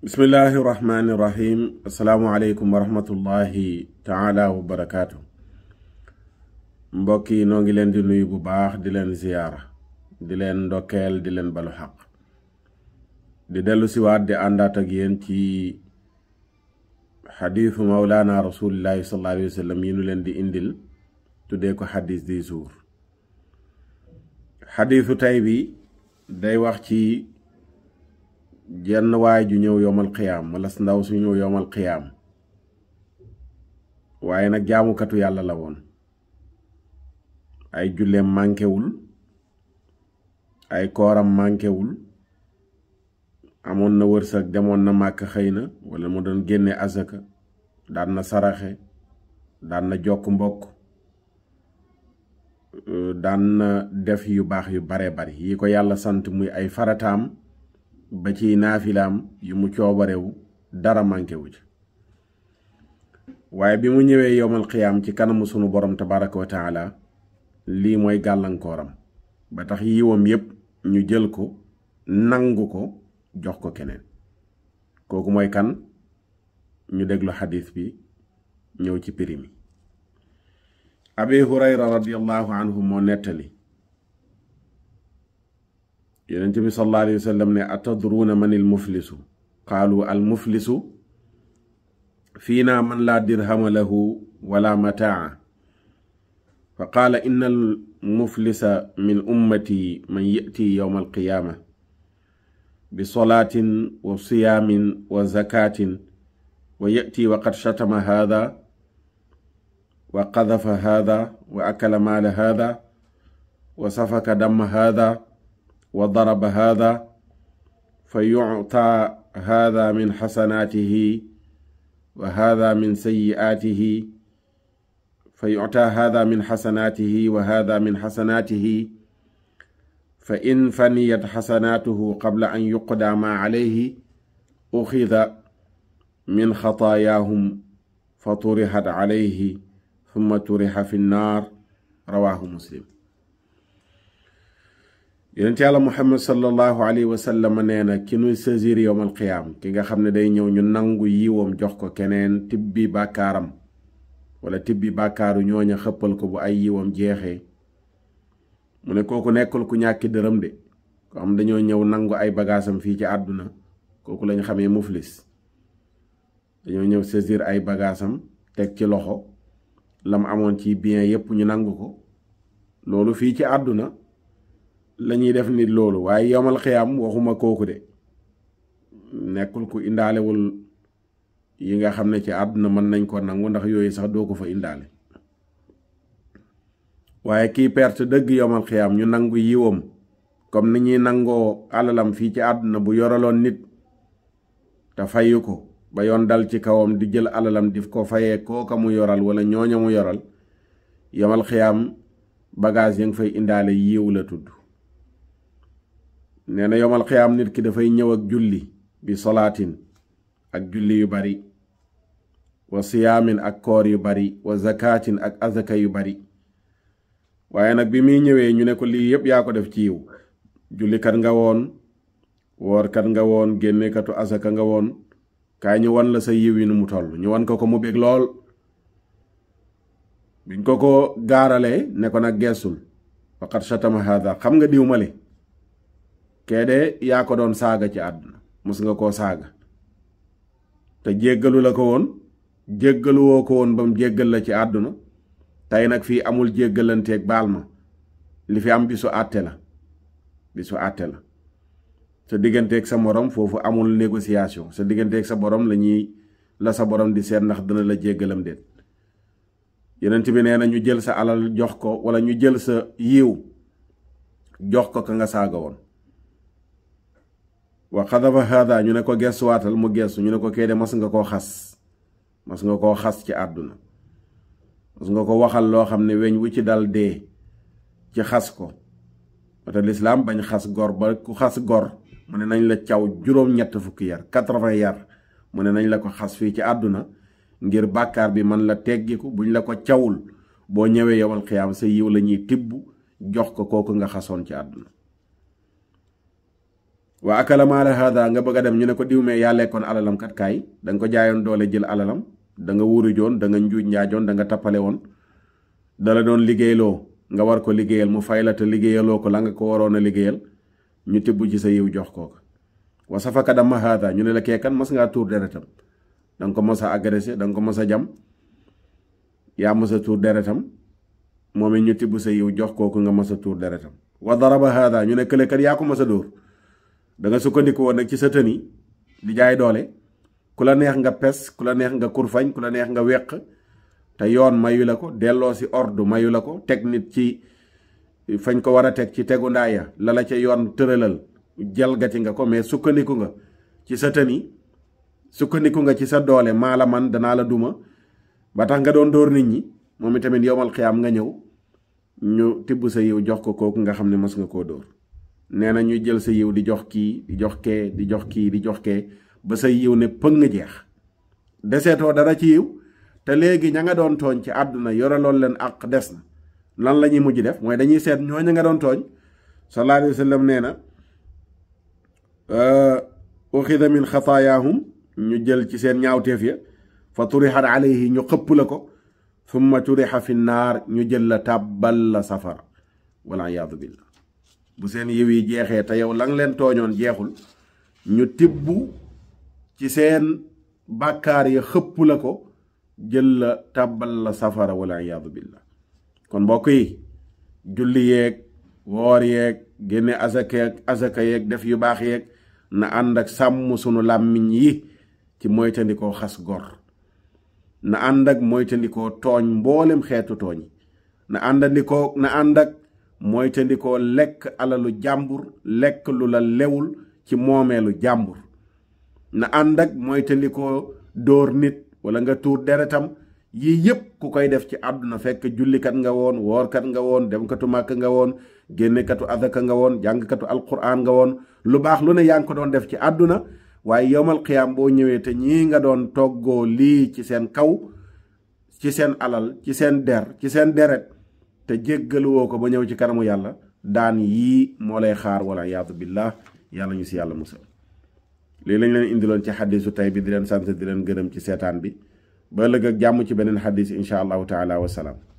bismillahi rahmaani rahim asalaamualeykum wa rahmatullahi wa barakaatu mbokk yi noo ngi leen di nuyu bu baax di leen ziyaara di leen ndokkeel di leen balu xaq di dellu siwaat di àndaat ak yéen ci xadiisu mawlaana rasulillahi sallallahu alayhi yi nu leen di indil tuddee ko xadiis di suur xadiisu tey bi day wax ci jenn waay ju ñëw yomal xiyaam wala ndaw su ñëw yomal xiyaam waaye nag jaamukatu yàlla la woon ay julleem mànkewul ay kooram mànkewul amoon na wërsëg demoon na màkk xëy na wala mu doon génne asaka daan na saraxe daan na jokk mbokk euh, daan na def yu baax yu bare bari yi ko yàlla sant muy ay farataam ba ci naafilaam yu mu coobarewu dara manqué wu ci waaye bi mu ñëwee yowmal xiyaam ci kanamu sunu borom tabaraka wa taala lii mooy gàllankooram ba tax yiwam yépp ñu jël ko nangu ko jox ko keneen kooku mooy kan ñu déglu xadis bi ñëw ci primi abi hurayra radiallahu anhu moo nettali yonent bi sallallahu alayhi wa sallam ne atadruuna man il muflisu qaalu al muflisu fii naa man laa dirhama lahu wala mataa fa qaala inna al muflisa min ummati man yati yowma alqiyaama bi solaatin wa siyaamin wa zakaatin wa yati wa qad shatama haada wa qadafa haada wa akala maala haada wa safaka damma haada wa daraba haada fa yuctaa haada min xasanaatihi wa haada min sayiaatihi fa yuctaa haada min xasanaatihi wa haada min xasanaatihi fa in faniyat xasanaatuhu qabla an yuqdaa maa calayhi uxida min xataayaahum fa turixat calayhi summa turixa fi nnaar rawaahu muslim yeneen yonent yàlla muhammad sallallahu alayhi wa sallam nee na ki nuy saisir yowmal qiyaam ki nga xam ne day ñëw ñu nangu yiwoom jox ko keneen tibbi bàkkaaram wala tibbi bàkkaaru ñooña xëppal ko bu ay yiwam jeexee mu ne kooku nekkul ku ñàkki dërëm de ko am dañoo ñëw nangu ay bagaasam fii ci àdduna kooku lañ xamee muflis dañoo ñëw saisir ay bagaasam teg ci loxo lam amoon ci bien yépp ñu nangu ko loolu fii ci àdduna lañuy def nit loolu waaye yowmal xiyaam waxuma kooku de nekkul ko indaalewul yi nga xam ne ci àdduna mën nañ ko nangu ndax yooyu sax doo ko fa indaale waaye kii perte dëgg yowmal xiyaam ñu nangu yiwam comme ni ñuy nangoo alalam fii ci àdduna bu yoraloon nit te fayu ko ba yoon dal ci kawam di jël alalam di ko fayee kooka mu yoral wala ñooña mu yoral yomal xiyaam bagage ya nga fay indaale yiw la tudd nee na yomal xiyaam nit ki dafay ñëw ak julli bi solaatin ak julli yu bari wa siyaamin ak koor yu bari wa zakaatin ak asaka yu bari waaye nag bi muy ñëwee ñu ne ko lii yépp yaa ko def ci yiw jullikat nga woon woorkat nga woon génnekatu azaka nga woon kaay ñu wan la sa yiw yi nu mu toll ñu wan ko ko mu bég lool biñ ko ko gaaralee ne ko nag geesul waqat shatama xam nga diw male kee de yaa ko doon saaga ci àdduna mos nga koo saaga te jéggalu la ko woon jéggaluwoo ko woon ba mu jéggal la ci àdduna tey nag fii amul jéggalanteeg baal ma li fi am bisu àtte la su àtte la sa digganteeg sa morom foofu amul négociation sa digganteek sa borom la ñuy la sa borom di seet ndax dana la jéggalam déet yenent bi nee na ñu jël sa alal jox ko wala ñu jël sa yiw jox ko ka nga saaga woon wa xadafa hada ñu ne ko geesuwaatal mu geesu ñu ne ko kay de mas nga koo xas mas nga koo xas ci àdduna mës nga ko waxal loo xam ne weñ wu ci dal dee ci xas ko wate lislaam bañ xas gor ba ku xas gor mu ne nañ la caw juróom-ñett fukki yar quatre yar mu ne nañ la ko xas fii ci àdduna ngir bàkkaar bi mën la teggiku buñ la ko cawul boo ñëwee yowal xiyaam sa yiw la ñuy tibb jox ko kooku nga xasoon ci àdduna waa akala maala nga bëgg a dem ñu ne ko diw mee yaa lekkoon alalam kaay danga ko jaayoon doole jël alalam danga nga wuuru joon da nga njuuj njaajoon da nga tappale woon dala doon liggéeyloo nga war ko liggéeyal mu fay la te liggéeyaloo ko la nga ko waroon a liggéeyal ñu tibb ci sa yiw jox kooka wa safaka dama hada ñu ne la keekan mas ngaa tuur deretam da ko mas a agressé da nga ko mas a jam yaa mas a tuur deretam moom it ñu tibb sa yiw jox kooku nga mas a tuur deretam wa daraba hada ñu ne kële yaa ko mas a dóor da nga sukkandiku woon nag ci sa tëni di jaay doole ku la neex nga pes ku la neex nga kurfañ ku la neex nga weq te yoon mayu la ko delloo si ordre mayu la ko teg nit ci fañ ko war a teg ci tegu ya la la ca yoon tëralal jalgati nga ko mais sukkandiku nga ci sa tëni sukkandiku nga ci sa doole maa la man danaa la duma ba tax nga doon dóor nit ñi moom itamit yomal xiyaam nga ñëw ñu tibb sa yiw jox ko kooku nga xam ne mas nga koo dóor nee na ñuy jël sa yiw di jox kii di jox kee di jox kii di jox ba sa yiw ne pëng jeex deseetoo dara ci yiw te léegi ña nga doon tooñ ci àdduna yoraloon leen àq des na lan la mujj def mooy dañuy seet ñoo ña nga doon tooñ sallallahu alayhi wa sallam nee na euh, uxida min xataayaahum ñu jël ci seen ñaawteef ya fa turixat alayhi ñu xëpp la ko summa turixa fi naar ñu jël la tàbbal la safara wal iyaadu billah bu seen yiw yi jeexee te yow la leen tooñoon jeexul ñu tibb ci seen bàkkaar ya xëpp la ko jël la tàbbal la safara wala iyaadu billah kon mbokk yi julli yeek woor yeeg génne azaka yeeg def yu baax yeeg na ànd ak sàmm sunu làmmiñ yi ci moytandikoo xas gor na ànd ak moytandikoo tooñ mboolem xeetu tooñ na àndandikoo na ànd ak mooy lekk alalu jàmbur lekk lu la lewul ci moomeelu jàmbur na ànd ak mooy dóor nit wala nga tuur deretam yii yëpp ku koy def ci àdduna fekk jullikat nga woon woorkat nga woon demkatu màkk nga woon génnekatu azaka nga woon jàngkatu alquran nga woon lu baax lu ne yaa ngi ko doon def ci àdduna waaye yowmal xiyaam boo ñëwee te ñii nga doon toggoo lii ci seen kaw ci seen alal ci seen der ci seen deret te jéggaluwoo ko ba ñëw ci kanamu yàlla daan yii moo lay xaar wala yaatu billah yàlla ñu si yàlla musal lii lañ leen indiloon ci xadisu tey bi di leen sant di leen gërëm ci seetaan bi ba ëllëg ak jàmm ci beneen xadis incha allahu taala wasalaam